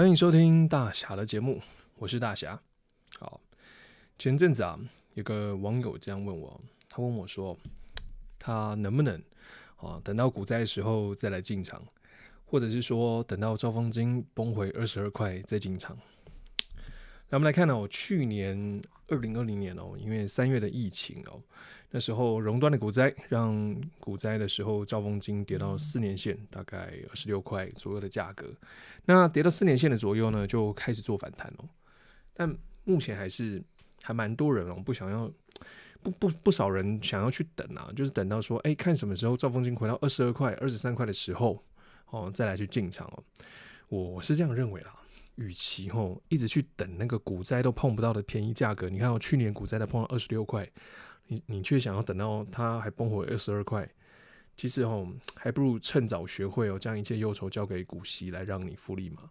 歡迎收聽大俠的節目，我是大俠。好，前陣子啊，有個網友這樣問我，他問我說，他能不能啊等到股災的時候再來進場，或者是說等到兆豐金崩回二十二塊再進場？那我們來看呢、哦，我去年二零二零年哦，因為三月的疫情哦，那時候熔斷的股災，讓股災的時候，兆豐金跌到四年線，大概二十六塊左右的價格。那跌到四年線的左右呢，就開始做反彈哦。但目前還是還蠻多人哦，不想要不不不少人想要去等啊，就是等到說，哎，看什麼時候兆豐金回到二十二塊、二十三塊的時候哦，再來去進場哦。我是這樣認為啦。與其吼、哦、一直去等那個股災都碰不到的便宜價格，你看我、哦、去年股災的碰到二十六塊，你你卻想要等到它還崩回二十二塊。其實吼、哦、還不如趁早學會哦，將一切憂愁交給股息來讓你複利嘛，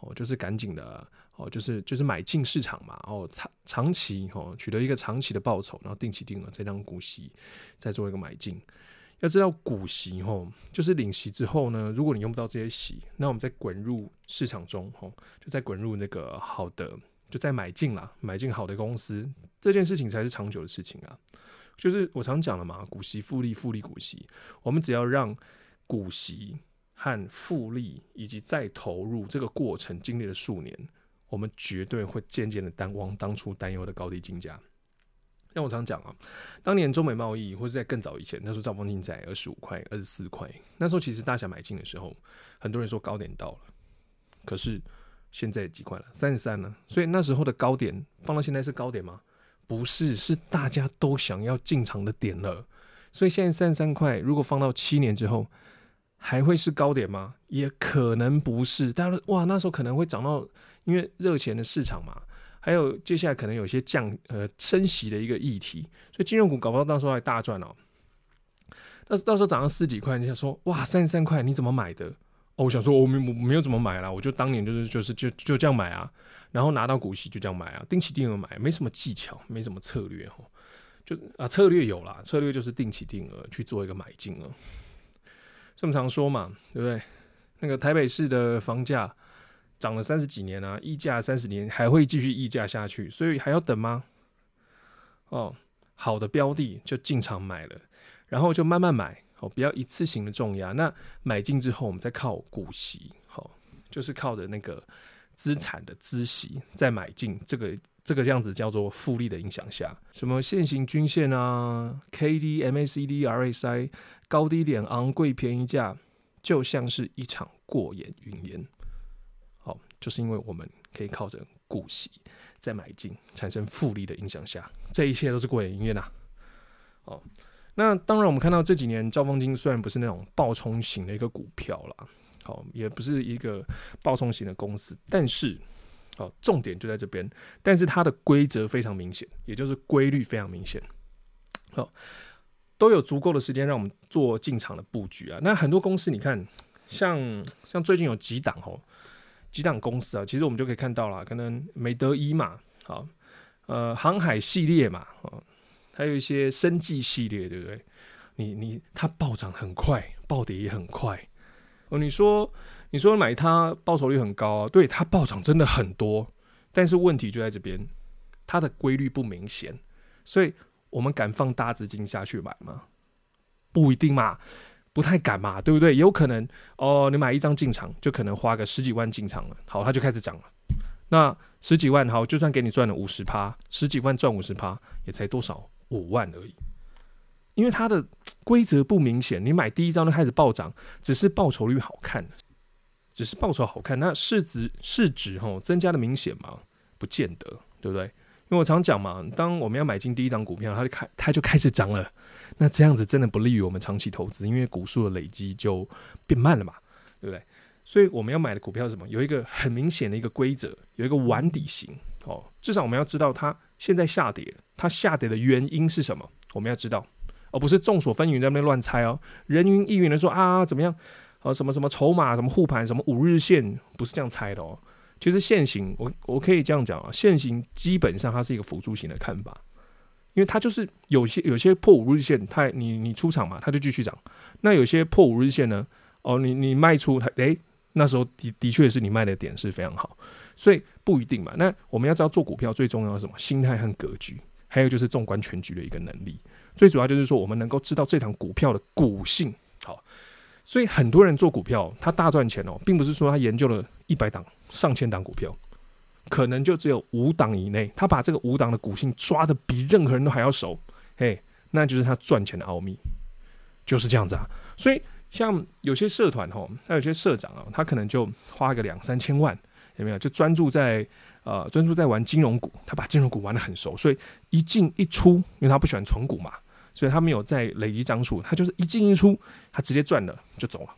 哦，就是趕緊的哦，就是就是買進市場嘛，哦，長長期哦，取得一個長期的報酬，然後定期定額再讓股息再做一個買進。要知道股息吼，就是領息之後呢，如果你用不到這些息，那我們再滾入市場中吼，就再滾入那個好的，就再買進啦，買進好的公司，這件事情才是長久的事情啊。就是我常講了嘛，股息複利，複利股息，我們只要讓股息和複利以及再投入這個過程經歷了數年，我們絕對會漸漸的淡忘當初擔憂的高低進價。那我常講啊，當年中美貿易或是在更早以前，那時候兆豐金在二十五塊、二十四塊，那時候其實大俠買進的時候，很多人說高點到了，可是現在幾塊了，三十三了，所以那時候的高點放到現在是高點嗎？不是，是大家都想要進場的點了。所以現在三十三塊，如果放到七年之後，還會是高點嗎？也可能不是。大家都哇，那時候可能會漲到，因為熱錢的市場嘛。還有接下來可能有些降呃升息的一個議題，所以金融股搞不好到時候還大賺哦、喔。到到時候漲到十幾塊，你想說哇三十三塊你怎麼買的？哦，我想說、哦、我沒有我沒有怎麼買啦，我就當年就是就是就就這樣買啊，然後拿到股息就這樣買啊，定期定額買，沒什麼技巧，沒什麼策略哦、喔。就啊策略有啦，策略就是定期定額去做一個買進了。這麼常說嘛，對不對？那個台北市的房價。漲了三十幾年啊，溢價三十年還會繼續溢價下去，所以還要等嗎？哦，好的標的就進場買了，然後就慢慢買哦，不要一次性的重壓。那買進之後，我們再靠股息，好、哦，就是靠着那個資產的孳息再買進、這個，這個這個樣子叫做複利的影響下，什麼線型均線啊、K D、M A C D、R S I、高低點、昂貴便宜價，就像是一場過眼雲煙。就是因為我們可以靠着股息再買進產生複利的影響下，這一切都是過眼雲煙吶。哦，那當然，我們看到這幾年兆豐金雖然不是那種暴衝型的一個股票了，好、哦，也不是一個暴衝型的公司，但是，好、哦，重點就在這邊，但是它的規則非常明顯，也就是規律非常明顯。好、哦，都有足夠的時間讓我們做進場的布局啊。那很多公司，你看，像像最近有幾檔哦。幾檔公司啊，其實我們就可以看到啦。可能美德一嘛，好，呃，航海系列嘛、哦，還有一些生技系列，對不對？你你它暴漲很快，暴跌也很快，哦、呃，你說你說買它報酬率很高、啊，對它暴漲真的很多，但是問題就在這邊，它的規律不明顯，所以我們敢放大資金下去買嗎？不一定嘛。不太敢嘛，對不對？有可能哦，你買一張進場就可能花個十幾萬進場了。好，它就開始漲了。那十幾萬好，就算給你賺了五十趴，十幾萬賺五十趴也才多少？五萬而已。因為它的規則不明顯，你買第一張就開始暴漲，只是報酬率好看，只是報酬好看。那市值市值哈增加的明顯嘛？不見得，對不對？因為我常講嘛，當我們要買進第一張股票，它就開它就開始漲了。那這樣子真的不利於我們長期投資，因為股數的累積就變慢了嘛，對不對？所以我們要買的股票是什麼？有一個很明顯的一個規則，有一個碗底型哦。至少我們要知道它現在下跌，它下跌的原因是什麼？我們要知道，而、哦、不是眾所紛紜在那邊亂猜哦，人云亦云的說啊怎麼樣？啊、哦，什麼什麼籌碼，什麼護盤，什麼五日線，不是這樣猜的哦。其實線型，我我可以這樣講啊，線型基本上它是一個輔助型的看法。因為它就是有些有些破五日線，它你你出場嘛，它就繼續漲。那有些破五日線呢，哦，你你賣出它，欸，那時候的的確是你賣的點是非常好，所以不一定嘛。那我們要知道做股票最重要的是什麼？心態和格局，還有就是縱觀全局的一個能力。最主要就是說，我們能夠知道這檔股票的股性好。所以很多人做股票，他大賺錢哦，並不是說他研究了一百檔、上千檔股票。可能就只有五檔以內，他把這個五檔的股性抓得比任何人都還要熟，哎，那就是他賺錢的奧秘，就是這樣子啊。所以像有些社團吼，那有些社長啊，他可能就花個兩三千萬，有沒有？就專注在呃專注在玩金融股，他把金融股玩的很熟，所以一進一出，因為他不喜歡存股嘛，所以他沒有在累積張數，他就是一進一出，他直接賺了就走了。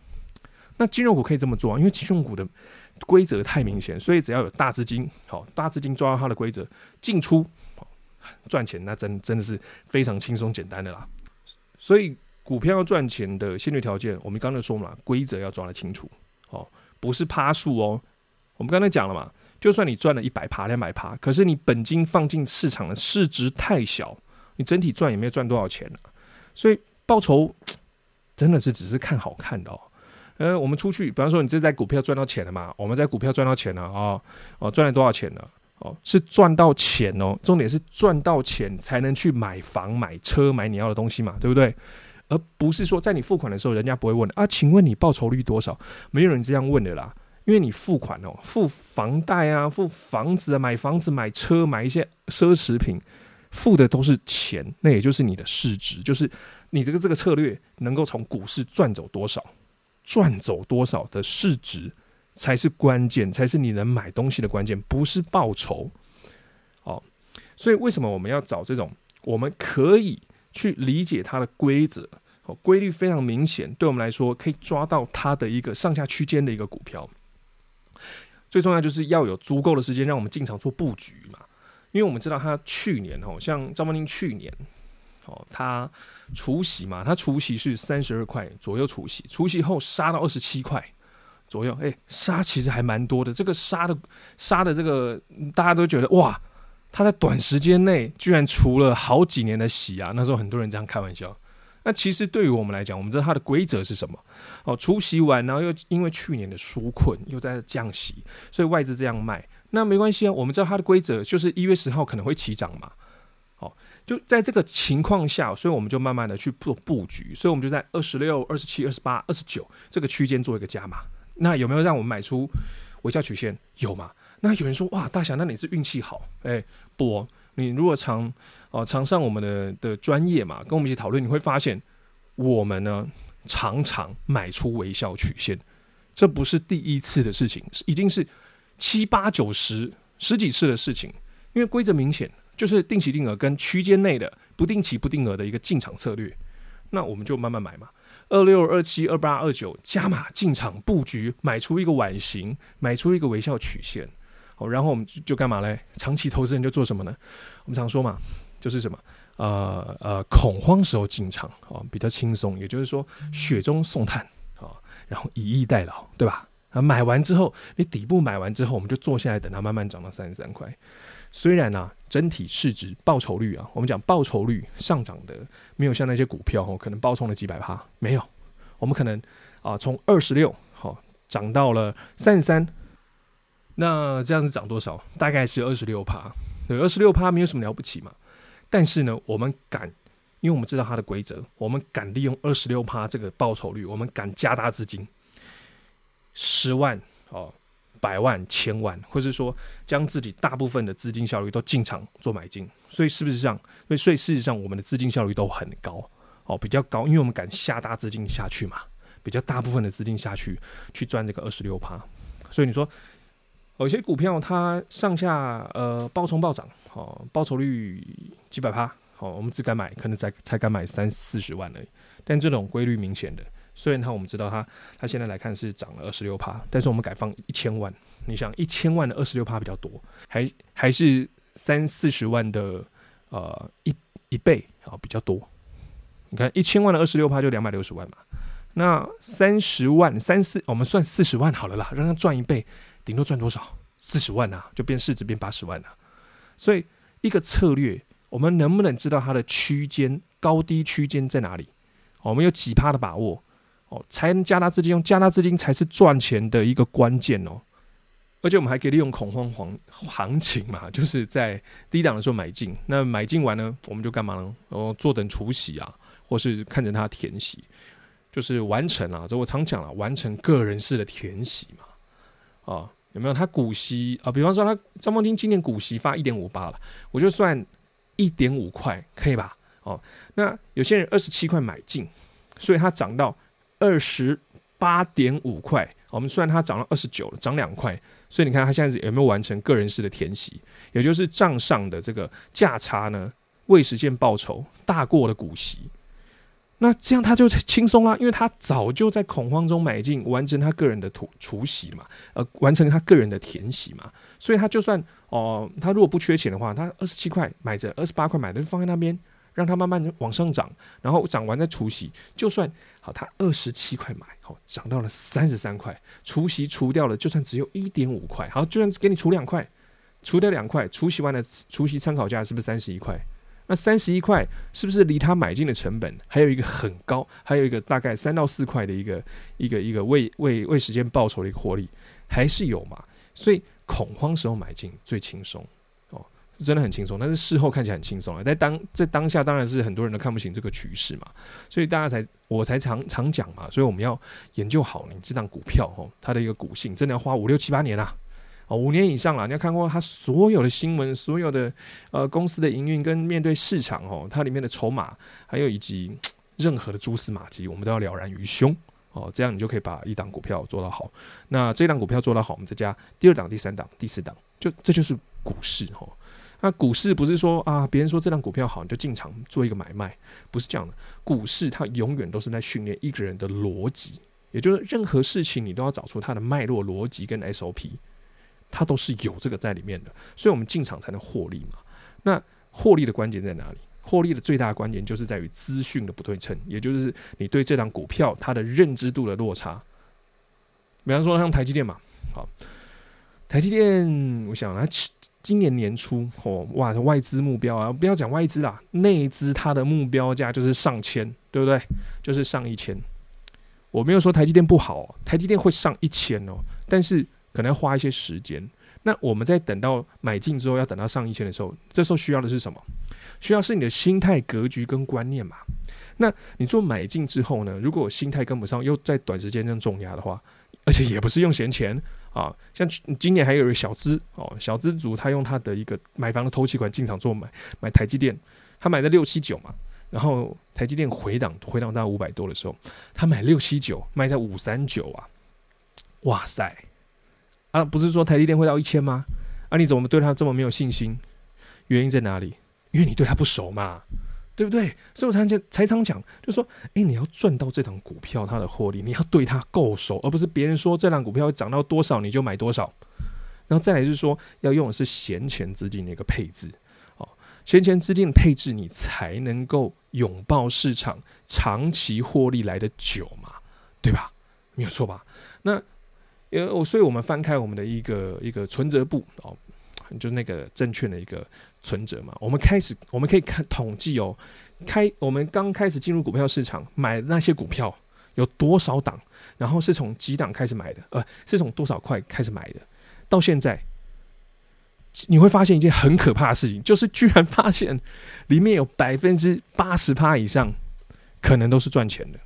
那金融股可以這麼做啊，因為金融股的。規則太明顯，所以只要有大資金，好、哦、大資金抓到它的規則進出賺、哦、錢，那真真的是非常輕鬆簡單的啦。所以股票要賺錢的先決條件，我們剛才說嘛，規則要抓得清楚，哦，不是趴數哦。我們剛才講了嘛，就算你賺了一百趴、兩百趴，可是你本金放進市場的市值太小，你整體賺也沒有賺多少錢、啊、所以報酬真的是只是看好看的。哦。呃，我們出去，比方說你這在股票賺到錢了嘛？我們在股票賺到錢了啊，哦，賺了多少錢呢？哦，是賺到錢哦。重點是賺到錢才能去買房、買車、買你要的東西嘛，對不對？而不是說在你付款的時候，人家不會問啊，請問你報酬率多少？沒有人這樣問的啦。因為你付款哦，付房貸啊，付房子啊，買房子、買車、買一些奢侈品，付的都是錢，那也就是你的市值，就是你這個這個策略能夠從股市賺走多少。賺走多少的市值才是關鍵，才是你能買東西的關鍵，不是報酬。哦，所以為什麼我們要找這種我們可以去理解它的規則、哦、規律非常明顯，對我們來說可以抓到它的一個上下區間的一個股票。最重要就是要有足夠的時間讓我們進場做布局嘛，因為我們知道它去年哦，像張文寧去年。哦，它除息嘛，他除息是三十二塊左右，除息除息後殺到二十七塊左右，哎、欸，殺其實還蠻多的。這個殺的殺的這個，大家都覺得哇，它在短時間內居然除了好幾年的息啊！那時候很多人這樣開玩笑。那其實對於我們來講，我們知道它的規則是什麼？哦，除息完，然後又因為去年的紓困又在降息，所以外資這樣賣，那沒關係啊。我們知道它的規則就是一月十號可能會起漲嘛。好，就在這個情況下，所以我們就慢慢的去做布局，所以我們就在二十六、二十七、二十八、二十九這個區間做一個加碼。那有沒有讓我們買出微笑曲線？有嗎？那有人說，哇，大俠，那你是運氣好？哎、欸，不，你如果常哦、呃、常上我們的的專業嘛，跟我們一起討論，你會發現我們呢常常買出微笑曲線，這不是第一次的事情，已經是七八九十十幾次的事情，因為規則明顯。就是定期定額跟區間內的不定期不定額的一個進場策略，那我們就慢慢買嘛，二六二七二八二九加碼進場布局，買出一個碗形，買出一個微笑曲線，好，然後我們就幹嘛嘞？長期投資人就做什麼呢？我們常說嘛，就是什麼呃呃恐慌時候進場哦，比較輕鬆，也就是說雪中送炭啊，然後以逸待勞，對吧？啊，買完之後，你底部買完之後，我們就坐下來等它慢慢漲到三十三塊。雖然呢、啊，整體市值報酬率啊，我們講報酬率上漲的沒有像那些股票哦，可能暴衝了幾百趴，沒有。我們可能啊，從二十六哦漲到了三十三，那這樣子漲多少？大概是二十六趴。對，二十六趴沒有什麼了不起嘛。但是呢，我們敢，因為我們知道它的規則，我們敢利用二十六趴這個報酬率，我們敢加大資金，十萬哦。百萬、千萬，或是說將自己大部分的資金效率都進場做買進，所以是不是這樣？所以，所以事實上，實上我們的資金效率都很高，哦，比較高，因為我們敢下大資金下去嘛，比較大部分的資金下去去賺這個二十六趴。所以你說，有些股票它上下呃暴衝暴漲，哦，報酬率幾百趴，哦，我們只敢買，可能才才敢買三四十萬而已。但這種規律明顯的。雖然它我們知道它，它現在來看是漲了二十六趴，但是我們改放一千萬，你想一千萬的二十六趴比較多，還還是三四十萬的呃一一倍啊、哦、比較多。你看一千萬的二十六趴就兩百六十萬嘛，那三十萬三四我們算四十萬好了啦，讓它賺一倍，頂多賺多少？四十萬吶、啊，就變市值變八十萬吶、啊。所以一個策略，我們能不能知道它的區間高低區間在哪裡、哦？我們有幾趴的把握？哦，才能加大資金，用加大資金才是賺錢的一個關鍵哦。而且我們還可以利用恐慌黃行情嘛，就是在低檔的時候買進。那買進完呢，我們就幹嘛呢？哦，坐等除息啊，或是看着它填息，就是完成啊。這我常講了、啊，完成個人式的填息嘛。啊、哦，有沒有？它股息啊、呃，比方說他，兆豐金今年股息發一點五八了，我就算一點五塊可以吧？哦，那有些人二十七塊買進，所以它漲到。二十八點五塊，我們算他它漲了二十九了，漲兩塊，所以你看它現在有沒有完成個人式的填息，也就是賬上的這個價差呢？未實現報酬大過了股息，那這樣他就輕鬆啦，因為他早就在恐慌中買進，完成他個人的圖除息嘛，呃，完成他個人的填息嘛，所以他就算哦、呃，他如果不缺錢的話，他二十七塊買着，二十八塊買着就放在那邊。讓它慢慢往上漲，然後漲完再除息。就算好，它二十七塊買，好，哦、漲到了三十三塊，除息除掉了，就算只有一點五塊，好，就算給你除兩塊，除掉兩塊，除息完了，除息參考價是不是三十一塊？那三十一塊是不是離他買進的成本還有一個很高，還有一個大概三到四塊的一個一個一個為為為時間報酬的一個獲利還是有嘛？所以恐慌時候買進最輕鬆。真的很輕鬆，但是事後看起來很輕鬆啊！在當在當下當然是很多人都看不清這個趨勢嘛，所以大家才我才常常講嘛。所以我們要研究好你這檔股票哦，它的一個股性真的要花五六七八年啦、啊，哦五年以上啦。你要看過它所有的新聞，所有的呃公司的營運跟面對市場哦，它裡面的籌碼還有以及任何的蛛絲馬跡，我們都要了然於胸哦。這樣你就可以把一檔股票做到好。那這檔股票做到好，我們再加第二檔、第三檔、第四檔，就這就是股市哦。那股市不是說啊，別人說這張股票好，你就進場做一個買賣，不是這樣的。股市它永遠都是在訓練一個人的邏輯，也就是任何事情你都要找出它的脈絡邏輯跟 SOP，它都是有這個在裡面的，所以我們進場才能獲利嘛。那獲利的關鍵在哪裡？獲利的最大關鍵就是在於資訊的不對稱，也就是你對這張股票它的認知度的落差。比方說像台積電嘛，好，台積電，我想拿起今年年初哦，哇，外資目標啊，不要講外資啦，內資它的目標價就是上千，對不對？就是上一千。我沒有說台積電不好，台積電會上一千哦，但是可能要花一些時間。那我們在等到買進之後，要等到上一千的時候，這時候需要的是什麼？需要是你的心態、格局跟觀念嘛。那你做買進之後呢，如果心態跟不上，又在短時間內這樣重壓的話，而且也不是用閒錢。啊，像今年還有個小資哦，小資族他用他的一個買房的頭期款進場做買，買台積電，他買的六七九嘛，然後台積電回檔回檔到五百多的時候，他買六七九賣在五三九啊，哇塞，啊不是說台積電會到一千嗎？啊你怎麼對他這麼沒有信心？原因在哪裡？因為你對他不熟嘛。對不對？所以我才講，才常講，就說，哎、欸，你要賺到這檔股票它的獲利，你要對它夠熟，而不是別人說這檔股票漲到多少你就買多少。然後再來就是說，要用的是閒錢資金的一個配置，哦，閒錢資金的配置你才能夠擁抱市場，長期獲利來得久嘛，對吧？沒有錯吧？那因為我，所以我們翻開我們的一個一個存折簿哦，就是那個證券的一個。存摺嘛，我們開始，我們可以看統計哦。開，我們剛開始進入股票市場買那些股票，有多少檔，然後是從幾檔開始買的，呃，是從多少塊開始買的，到現在，你會發現一件很可怕的事情，就是居然發現裡面有百分之八十趴以上可能都是賺錢的。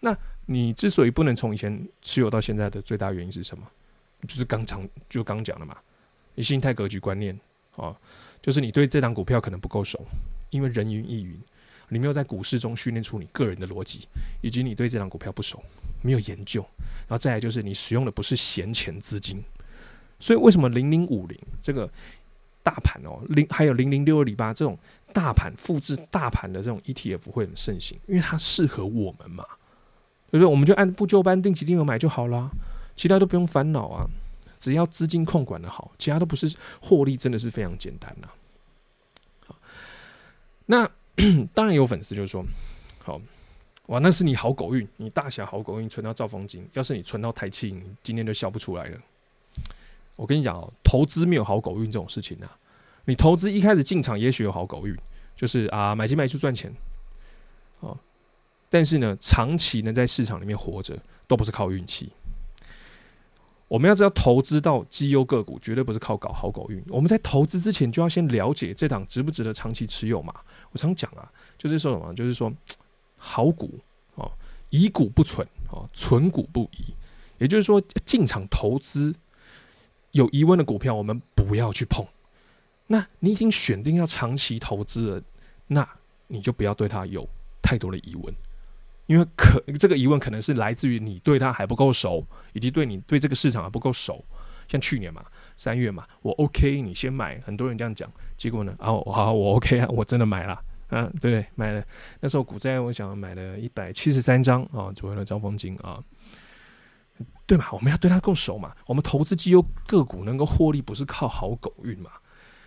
那你之所以不能從以前持有到現在的最大原因是什麼？就是剛講，就剛講了嘛，你心態、格局、觀念。啊，就是你對這張股票可能不夠熟，因為人云亦云，你沒有在股市中訓練出你個人的邏輯，以及你對這張股票不熟，沒有研究，然後再來就是你使用的不是閒錢資金，所以為什麼零零五零這個大盤哦，零還有零零六二零八這種大盤複製大盤的這種 ETF 會很盛行，因為它適合我們嘛，所以說我們就按部就班定期定額買就好了，其他都不用煩惱啊。只要資金控管的好，其他都不是獲利，真的是非常簡單吶、啊。好，那當然有粉絲就說，好哇，那是你好狗運，你大俠好狗運，存到兆豐金，要是你存到台企銀，今天就笑不出來了。我跟你講哦，投資沒有好狗運這種事情啊。你投資一開始進場，也許有好狗運，就是啊買進賣出賺錢，哦，但是呢，長期能在市場裡面活着，都不是靠運氣。我們要知道，投資到績優個股絕對不是靠搞好狗運。我們在投資之前就要先了解這檔值不值得長期持有嘛？我常講啊，就是說什麼？就是說，好股哦，疑股不存哦，存股不疑。也就是說，進場投資有疑問的股票，我們不要去碰。那你已經選定要長期投資了，那你就不要對它有太多的疑問。因為可這個疑問可能是來自於你對它還不夠熟，以及對你對這個市場還不夠熟。像去年嘛，三月嘛，我 OK 你先買，很多人這樣講，結果呢，啊、哦，好，我 OK 啊，我真的買了，啊，對，買了。那時候股災，我想買了一百七十三張啊左右的兆豐金啊，對嘛？我們要對它夠熟嘛？我們投資績優個股能夠獲利，不是靠好狗運嘛？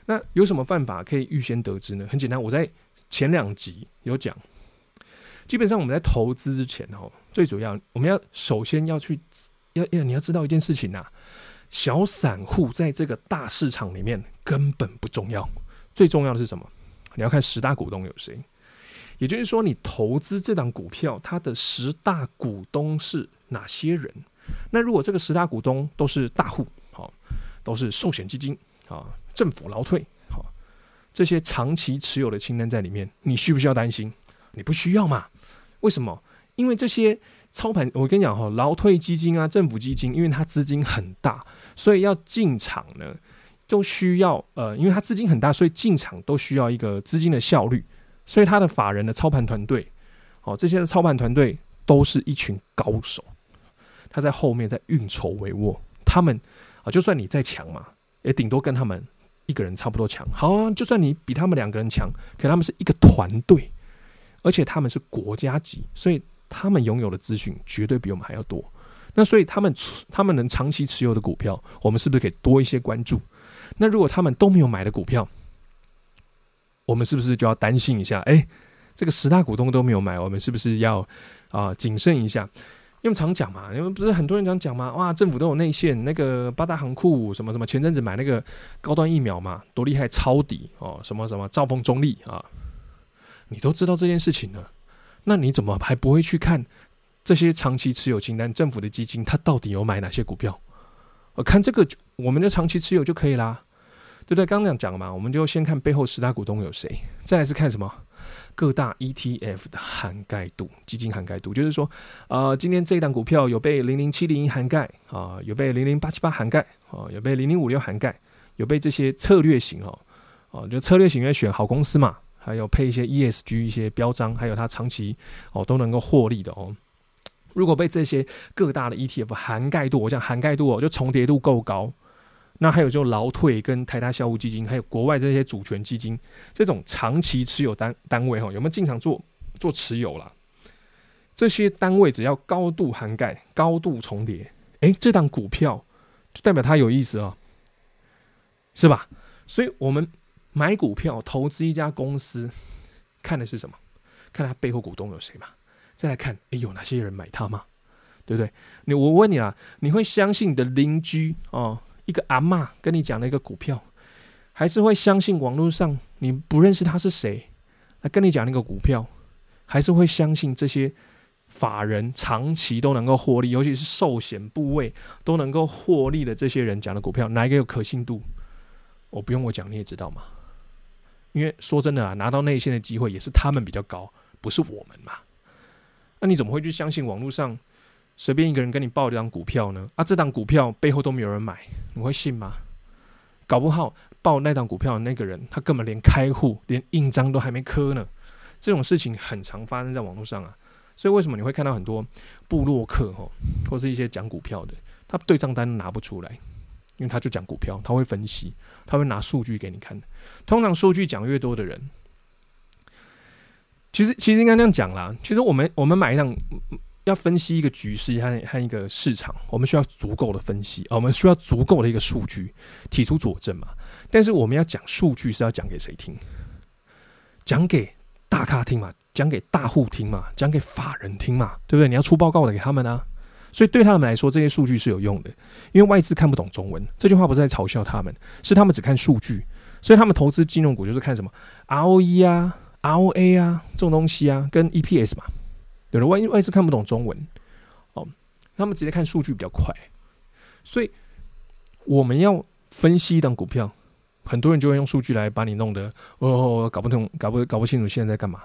那有什麼辦法可以預先得知呢？很簡單，我在前兩集有講。基本上我們在投資之前哦，最主要我們要首先要去，要要你要知道一件事情吶啊，小散戶在這個大市場裡面根本不重要，最重要的是什麼？你要看十大股東有誰，也就是說你投資這檔股票，它的十大股東是哪些人？那如果這個十大股東都是大戶，好，都是壽險基金啊，政府勞退，好，這些長期持有的清單在裡面，你需不需要擔心？你不需要嘛。為什麼？因為這些操盤，我跟你講哈、喔，勞退基金啊，政府基金，因為它資金很大，所以要進場呢，就需要呃，因為它資金很大，所以進場都需要一個資金的效率，所以他的法人的操盤團隊，哦、喔，這些操盤團隊都是一群高手，他在後面在運籌帷幄，他們啊、呃，就算你再強嘛，也頂多跟他們一個人差不多強，好啊，就算你比他們兩個人強，可他們是一個團隊。而且他們是國家級，所以他們擁有的資訊絕對比我們還要多。那所以他們他們能長期持有的股票，我們是不是可以多一些關注？那如果他們都沒有買的股票，我們是不是就要擔心一下？哎、欸，這個十大股東都沒有買，我們是不是要啊謹、呃、慎一下？因為常講嘛，因為不是很多人常講嘛，哇，政府都有內線，那個八大行庫什麼什麼，前陣子買那個高端疫苗嘛，多厲害，抄底哦，什麼什麼造風中立啊。呃你都知道這件事情了，那你怎麼還不會去看這些長期持有清單？政府的基金它到底有買哪些股票？我看這個就我們就長期持有就可以啦，啊，對不對？剛那講嘛，我們就先看背後十大股東有誰，再來是看什麼各大 ETF 的涵蓋度，基金涵蓋度，就是說，呃，今天這一檔股票有被零零七零一涵蓋啊，呃，有被零零八七八涵蓋啊，呃，有被零零五六涵蓋，呃呃，有被這些策略型哦，哦，呃，就策略型要選好公司嘛。還有配一些 ESG 一些標章，還有它長期哦都能夠獲利的哦。如果被這些各大的 ETF 涵蓋度，我講涵蓋度哦，就重疊度夠高。那還有就勞退跟台達小五基金，還有國外這些主權基金這種長期持有單單位哦，有沒有經常做做持有啦？這些單位只要高度涵蓋、高度重疊，哎、欸，這檔股票就代表它有意思啊，是吧？所以我們。買股票投資一家公司，看的是什麼？看他背後股東有誰嘛。再來看，哎、欸，有哪些人買它嘛？對不對？你我問你啊，你會相信你的鄰居哦，一個阿嬤跟你講的一個股票，還是會相信網絡上你不認識他是誰，來跟你講那個股票，還是會相信這些法人長期都能夠獲利，尤其是壽險部位都能夠獲利的這些人講的股票，哪一個有可信度？我不用我講，你也知道嘛。因為說真的啊，拿到內線的機會也是他們比較高，不是我們嘛？那、啊、你怎麼會去相信網絡上隨便一個人跟你報這張股票呢？啊，這張股票背後都沒有人買，你會信嗎？搞不好報那張股票的那個人，他根本連開戶、連印章都還沒刻呢。這種事情很常發生在網絡上啊。所以為什麼你會看到很多部落客吼，或是一些講股票的，他對賬單拿不出來？因為他就講股票，他會分析，他會拿數據給你看。通常數據講越多的人，其實其實應該這樣講啦。其實我們我們買一張要分析一個局勢和和一個市場，我們需要足夠的分析、呃，我們需要足夠的一個數據提出佐證嘛。但是我們要講數據是要講給誰聽？講給大咖聽嘛？講給大戶聽嘛？講給法人聽嘛？對不對？你要出報告的給他們呢、啊。所以對他們來說，這些數據是有用的，因為外資看不懂中文。這句話不是在嘲笑他們，是他們只看數據，所以他們投資金融股就是看什麼 ROE 啊、ROA 啊這種東西啊，跟 EPS 嘛。對了，外外資看不懂中文，哦，他們直接看數據比較快。所以我們要分析一檔股票，很多人就會用數據來把你弄得哦，搞不懂、搞不搞不清楚現在在幹嘛。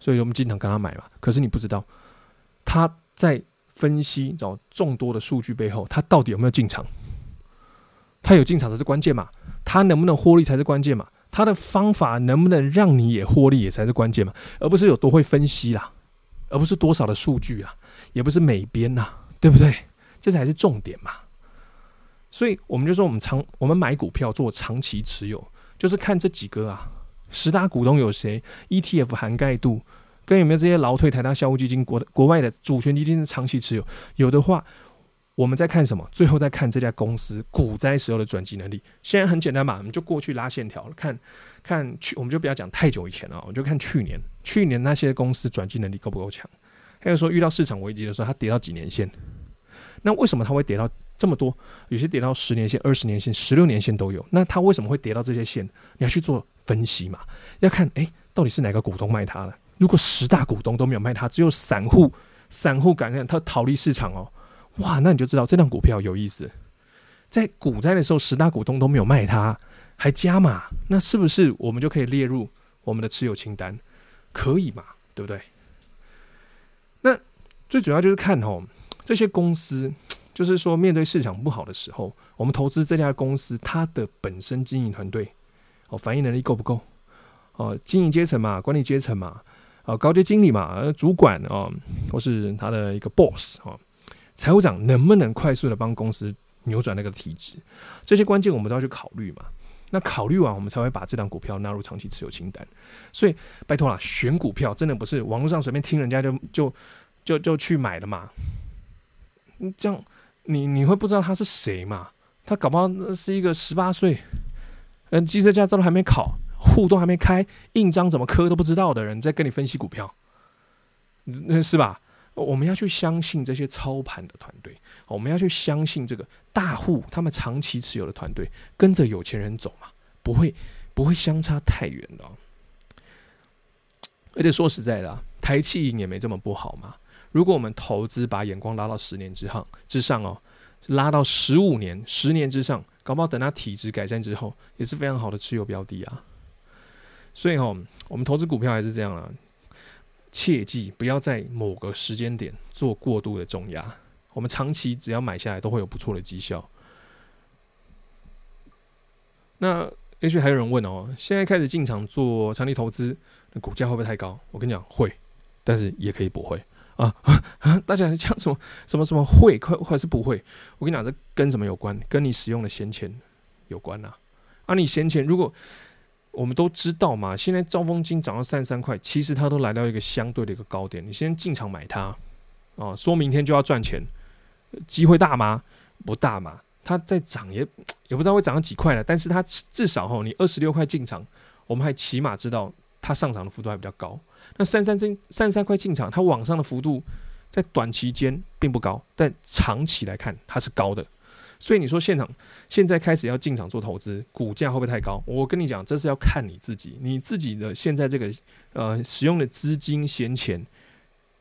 所以我們經常跟他買嘛，可是你不知道他在。分析找眾多的數據背後，它到底有沒有進場？它有進場才是關鍵嘛？它能不能獲利才是關鍵嘛？它的方法能不能讓你也獲利也才是關鍵嘛？而不是有多會分析啦，而不是多少的數據啦、啊，也不是美編吶，對不對？這才是重點嘛。所以我們就說，我們長我們買股票做長期持有，就是看這幾個啊，十大股東有誰，ETF 涵蓋度。跟有沒有這些勞退、台大、校務基金國、國國外的主權基金長期持有？有的話，我們在看什麼？最後再看這家公司股災時候的轉機能力。現在很簡單嘛，我們就過去拉線條了，看看去，我們就不要講太久以前了、啊，我們就看去年，去年那些公司轉機能力夠不夠強？還有說，遇到市場危機的時候，它跌到幾年線？那為什麼它會跌到這麼多？有些跌到十年線、二十年線、十六年線都有。那它為什麼會跌到這些線？你要去做分析嘛？要看，哎、欸，到底是哪個股東賣它了？如果十大股東都沒有賣它，只有散戶，散戶感染它，逃離市場哦，哇，那你就知道這張股票有意思。在股災的時候，十大股東都沒有賣它，還加碼，那是不是我們就可以列入我們的持有清單？可以嘛，對不對？那最主要就是看哦，這些公司，就是說面對市場不好的時候，我們投資這家公司，它的本身經營團隊哦，反應能力夠不夠？哦、呃，經營階層嘛，管理階層嘛。啊，高級經理嘛，主管啊、哦，或是他的一個 boss 啊、哦，財務長能不能快速的幫公司扭轉那個體質？這些關鍵我們都要去考慮嘛。那考慮完，我們才會把這檔股票納入長期持有清單。所以，拜託了，選股票真的不是網絡上隨便聽人家就就就就，就去買的嘛。你這樣，你你會不知道他是誰嘛？他搞不好是一個十八歲，嗯、呃，汽車駕照都還沒考，戶都還沒開，印章怎麼刻都不知道的人在跟你分析股票，那是吧？我們要去相信這些操盤的團隊，我們要去相信這個大戶他們長期持有的團隊，跟着有錢人走嘛，不會不會相差太遠的啊。而且說實在的啊，台企銀也沒這麼不好嘛。如果我們投資把眼光拉到十年之上之上哦，拉到十五年、十年之上，搞不好等他體質改善之後，也是非常好的持有標的啊。所以哈，我們投資股票還是這樣啦、啊。切記不要在某個時間點做過度的重壓。我們長期只要買下來，都會有不錯的績效。那也許還有人問哦，現在開始進場做長期投資，那股價會不會太高？我跟你講會，但是也可以不會啊啊！大家講什，什麼什麼什麼會快或者是不會？我跟你講這跟什麼有關？跟你使用的閒錢有關吶、啊。啊你，你閒錢如果。我們都知道嘛，現在兆豐金漲到三十三塊，其實它都來到一個相對的一個高點。你先進場買它，啊、呃，說明天就要賺錢，機會大嗎？不大嘛。它再漲也也不知道會漲到幾塊了。但是它至少吼，你二十六塊進場，我們還起碼知道它上漲的幅度還比較高。那三三金三十三塊進場，它往上的幅度在短期間並不高，但長期來看它是高的。所以你說現場現在開始要進場做投資，股價會不會太高？我跟你講，這是要看你自己，你自己的現在這個呃使用的資金閒錢，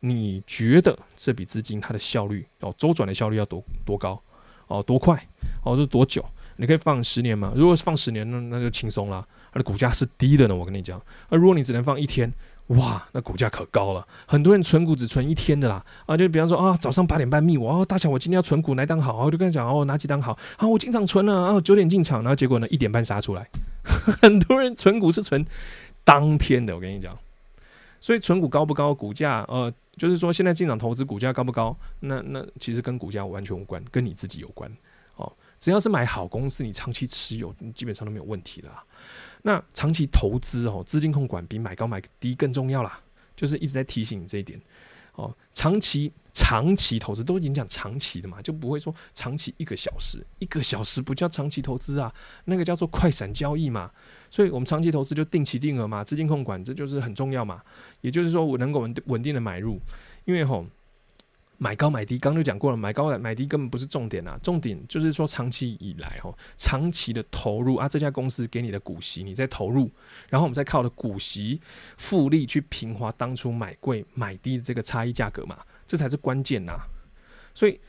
你覺得這筆資金它的效率哦周轉的效率要多多高哦多快哦是多久？你可以放十年嘛？如果是放十年，那那就輕鬆啦，它的股價是低的呢。我跟你講，那如果你只能放一天，哇，那股價可高了！很多人存股只存一天的啦，啊，就比方說啊，早上八點半密我哦、啊，大俠我今天要存股哪檔好我、啊、就跟他講哦，哪、啊、幾檔好啊，我經常存了啊，九點進場，然後結果呢一點半殺出來， 很多人存股是存當天的，我跟你講，所以存股高不高，股價呃，就是說現在進場投資股價高不高，那那其實跟股價完全無關，跟你自己有關哦，只要是買好公司，你長期持有，你基本上都沒有問題的。那長期投資哦，資金控管比買高買低更重要啦，就是一直在提醒你這一點哦。長期長期投資都已經講長期的嘛，就不會說長期一個小時，一個小時不叫長期投資啊，那個叫做快閃交易嘛。所以我們長期投資就定期定額嘛，資金控管這就是很重要嘛。也就是說，我能夠穩穩定的買入，因為吼。買高買低，剛就講過了，買高買低根本不是重點啊，重點就是說長期以來，哈，長期的投入啊，這家公司給你的股息，你再投入，然後我們再靠著股息複利去平滑當初買貴買低的這個差異價格嘛，這才是關鍵吶、啊。所以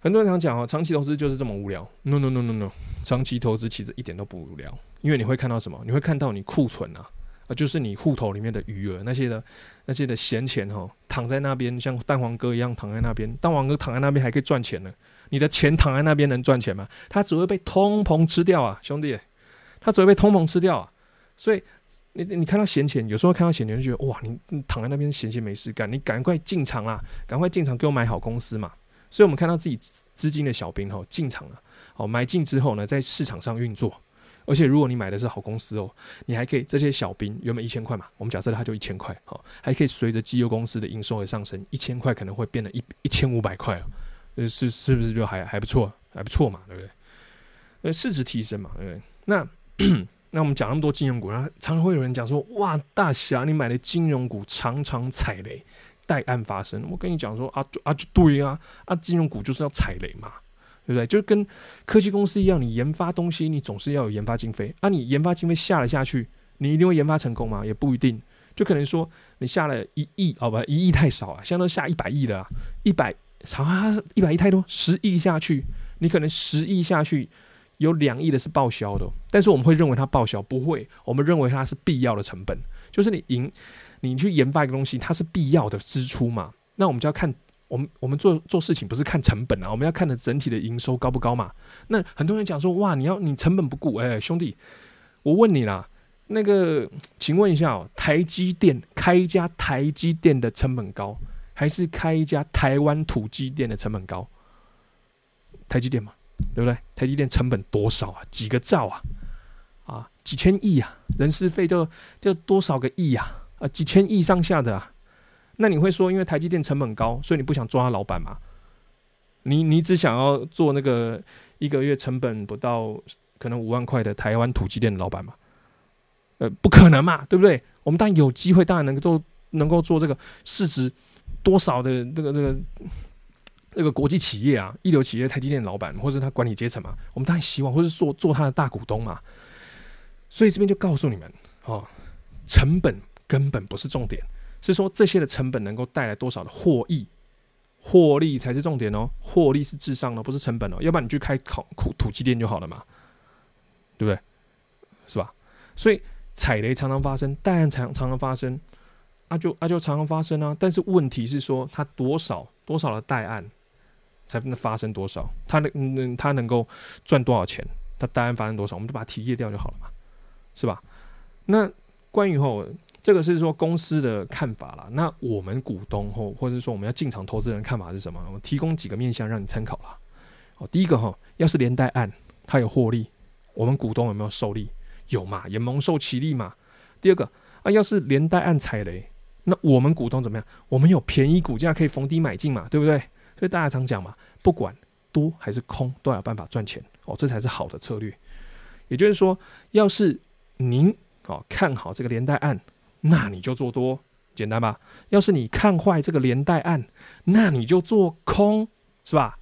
很多人常講哦，長期投資就是這麼無聊，no no no no no，長期投資其實一點都不無聊，因為你會看到什麼？你會看到你庫存啊。啊，就是你戶頭裡面的餘額，那些的那些的閒錢哈，躺在那邊，像蛋黃哥一樣躺在那邊。蛋黃哥躺在那邊還可以賺錢呢，你的錢躺在那邊能賺錢嗎？它只會被通膨吃掉啊，兄弟，它只會被通膨吃掉啊。所以你你看到閒錢，有時候看到閒錢就覺得哇你，你躺在那邊閒錢沒事幹，你趕快進場啊，趕快進場給我買好公司嘛。所以我們看到自己資金的小兵哈進場了，哦，喔，買進之後呢，在市場上運作。而且，如果你買的是好公司哦，你還可以這些小兵原本一千塊嘛，我們假設它就一千塊，好，還可以隨着績優公司的營收而上升，一千塊可能會變得一一千五百塊哦，是是不是就還還不錯，還不錯嘛，對不對？呃，市值提升嘛，對不對？那 那我們講那麼多金融股，然後常常會有人講說，哇，大俠，你買的金融股常常踩雷，貸案發生。我跟你講說，啊就啊，就對啊，啊，金融股就是要踩雷嘛。對不對？就跟科技公司一樣，你研發東西，你總是要有研發經費。啊，你研發經費下了下去，你一定會研發成功嗎？也不一定。就可能說，你下了一億，哦不，一億太少了像啊，相當都下一百億的一百啥？一百億太多，十億下去，你可能十億下去有兩億的是報銷的，但是我們會認為它報銷不會，我們認為它是必要的成本，就是你研你去研發一個東西，它是必要的支出嘛？那我們就要看。我們我們做做事情不是看成本啊，我們要看的整體的營收高不高嘛？那很多人講說，哇，你要你成本不顧，哎、欸，兄弟，我問你啦，那個，請問一下哦，台積電開一家台積電的成本高，還是開一家台灣土雞店的成本高？台積電嘛，對不對？台積電成本多少啊？幾個兆啊？啊，幾千億啊？人事費就就多少個億啊？啊，幾千億上下的啊？那你會說，因為台積電成本高，所以你不想抓他老板嘛？你你只想要做那個一個月成本不到可能五萬塊的台灣土雞店的老板嘛？呃，不可能嘛，對不對？我們當然有機會，當然能夠能夠做這個市值多少的這個這個這個國際企業啊，一流企業台積電老板，或是他管理階層嘛？我們當然希望，或是做做他的大股東嘛。所以這邊就告訴你們啊、哦，成本根本不是重點。是說這些的成本能夠帶來多少的獲益、獲利才是重點哦、喔，獲利是至上的，不是成本哦、喔，要不然你去開烤土土雞店就好了嘛，對不對？是吧？所以踩雷常常發生，貸案常常常發生，那、啊、就那、啊、就常常發生啊。但是問題是說，它多少多少的貸案才能發生多少？它能它能夠賺多少錢？它貸案發生多少？我們就把它剔掉就好了嘛，是吧？那關於後。這個是說公司的看法啦，那我們股東或者是說我們要進場投資的人看法是什麼？我提供幾個面向讓你參考啦。哦，第一個哈，要是聯貸案它有獲利，我們股東有沒有受利？有嘛，也蒙受其利嘛。第二個啊，要是聯貸案踩雷，那我們股東怎麼樣？我們有便宜股價可以逢低買進嘛，對不對？所以大家常講嘛，不管多還是空，都有辦法賺錢哦，這才是好的策略。也就是說，要是您哦看好這個聯貸案。那你就做多，簡單吧。要是你看壞這個聯貸案，那你就做空，是吧？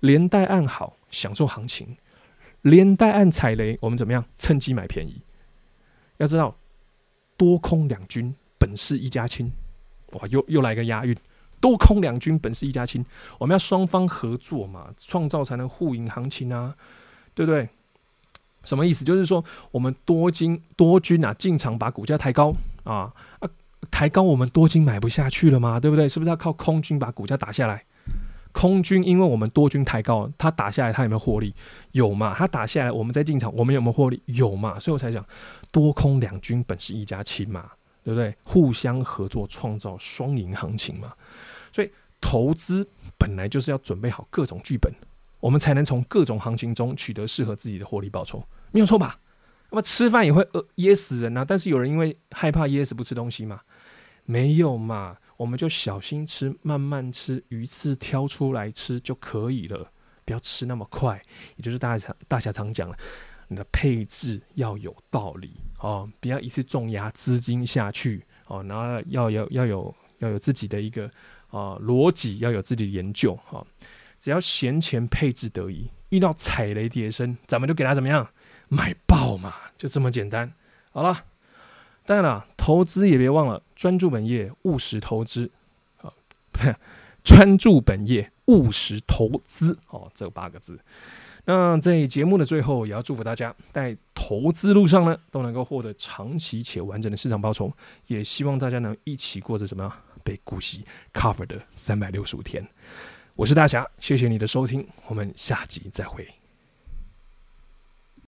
聯貸案好，享受行情；聯貸案踩雷，我們怎麼樣？趁機買便宜。要知道，多空兩軍本是一家親。哇，又又來個押韻：多空兩軍本是一家親。我們要雙方合作嘛，創造才能互贏行情啊，對不對？什麼意思？就是說，我們多金多軍啊，進場把股價抬高。啊啊！抬高我們多軍買不下去了嗎？對不對？是不是要靠空軍把股價打下來？空軍因為我們多軍抬高，它打下來，它有沒有獲利？有嘛？它打下來，我們再進場，我們有沒有獲利？有嘛？所以我才講多空兩軍本是一家親嘛，對不對？互相合作創造雙贏行情嘛。所以投資本來就是要準備好各種劇本，我們才能從各種行情中取得適合自己的獲利報酬，沒有錯吧？那麼吃飯也會噎死人吶啊，但是有人因為害怕噎死不吃東西嗎？沒有嘛，我們就小心吃，慢慢吃，魚刺挑出來吃就可以了，不要吃那麼快。也就是大家常,大家常講了，你的配置要有道理哦，不要一次重壓資金下去哦，然後要要要有要有,要有自己的一個啊、哦、邏輯，要有自己的研究哦，只要閒錢配置得宜，遇到踩雷跌深，咱們就給他怎麼樣？買爆嘛，就這麼簡單。好了，當然了，投資也別忘了專注本業，務實投資啊，不對，專注本業，務實投資哦，這八個字。那在節目的最後，也要祝福大家，在投資路上呢，都能夠獲得長期且完整的市場報酬。也希望大家能一起過着怎麼樣被股息 cover 的三百六十五天。我是大俠，謝謝你的收聽，我們下集再會。